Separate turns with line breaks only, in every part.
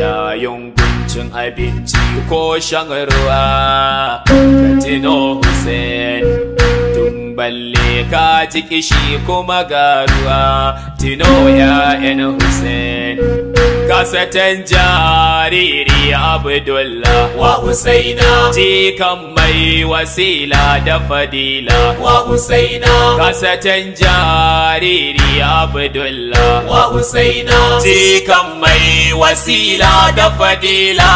yayin guncin abinci ko shan ruwa ka tino Hussein tun balle ka ji kishi kuma ga ruwa tino ya'yan Hussein ka satan jariri abdullah wa husaina jikan mai wasila da fadila wa husaina kasatan jariri abdullah wa husaina jikan mai wasila da fadila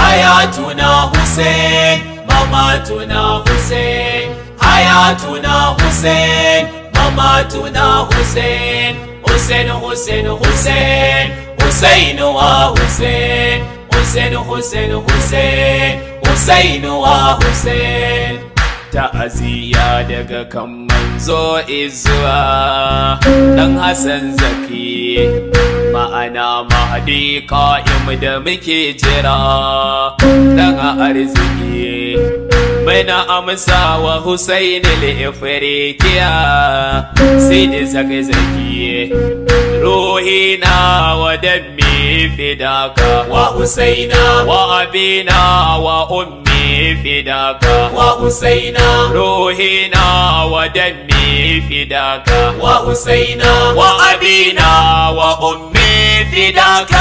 hayatuna husain mamatuna husain hayatuna husain mamatuna husain Hussein, Hussein, Hussein Hussein wa Hussein Hussein Hussein Hussein Hussein wa Hussein ta'aziyya daga kan manzo izuwa dan Hassan Zaki ma'ana mahdi qa'im da muke jira dan arziki muna amsa wa Hussein al-Ifriqiya sai da zage zaki روحنا ودمي فداك وحسينا وأبينا وأمي فداك وحسينا روحنا ودمي فداك وحسينا وأبينا وأمي فداك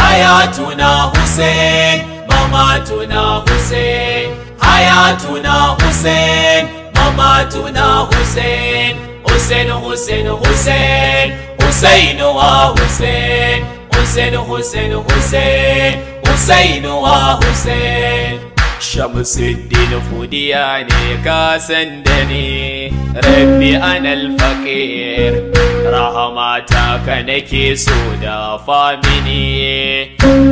حياتنا حسين مماتنا حسين حياتنا حسين مماتنا حسين حسين حسين حسين حسين وحسين حسين حسين حسين حسين وحسين شمس الدين فدياني كاسندني ربي أنا الفقير رحمتك نكي سودا فامني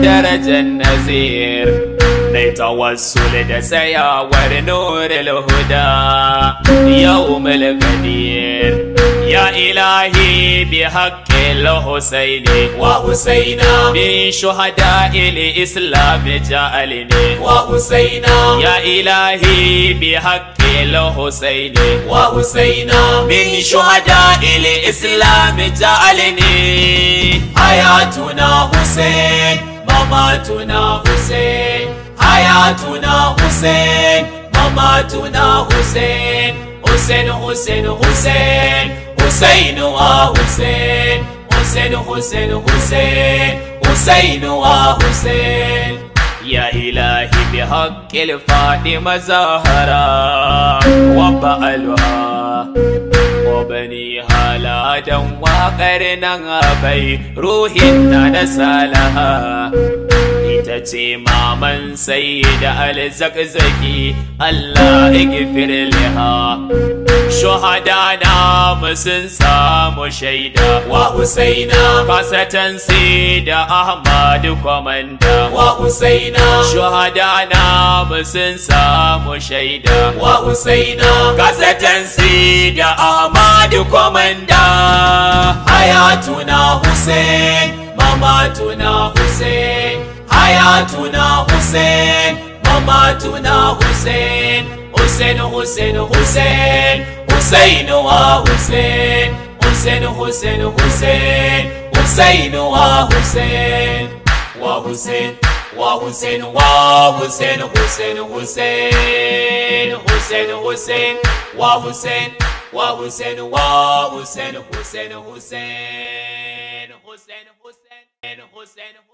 درجة النزير نيت توسل دسيا ورنور الهدى يوم القدير يا إلهي بحق الحسين وحسينا من شهداء الإسلام جعلني وحسينا يا إلهي بحق الحسين وحسينا من شهداء الإسلام جعلني حياتنا حسين مماتنا حسين حياتنا حسين مماتنا حسين Hussein Hussein Hussein Hussein wa ah, Hussein Hussein Hussein Hussein Hussein ah, wa Hussein يا إلهي بحق الفاطمة زهرة وبألها وبنيها لا دم وقرنا بي روحنا نسالها ce maman sai da alzakzaki Allah igfir liha na musun samu shaida wa husaina kasatan sai da ahmad komanda wa husaina na musun samu shaida wa husaina kasatan sai da ahmad komanda hayatuna husain mamatuna husain hayatuna Hussein Mama mamatuna Hussein Hussein Hussein Hussein Hussein wa Hussein Hussein Hussein Hussein Hussein wa Hussein wa Hussein wa Hussein wa Hussein Hussein Hussein Hussein Hussein wa Hussein wa Hussein wa Hussein Hussein Hussein Hussein Hussein Hussein Hussein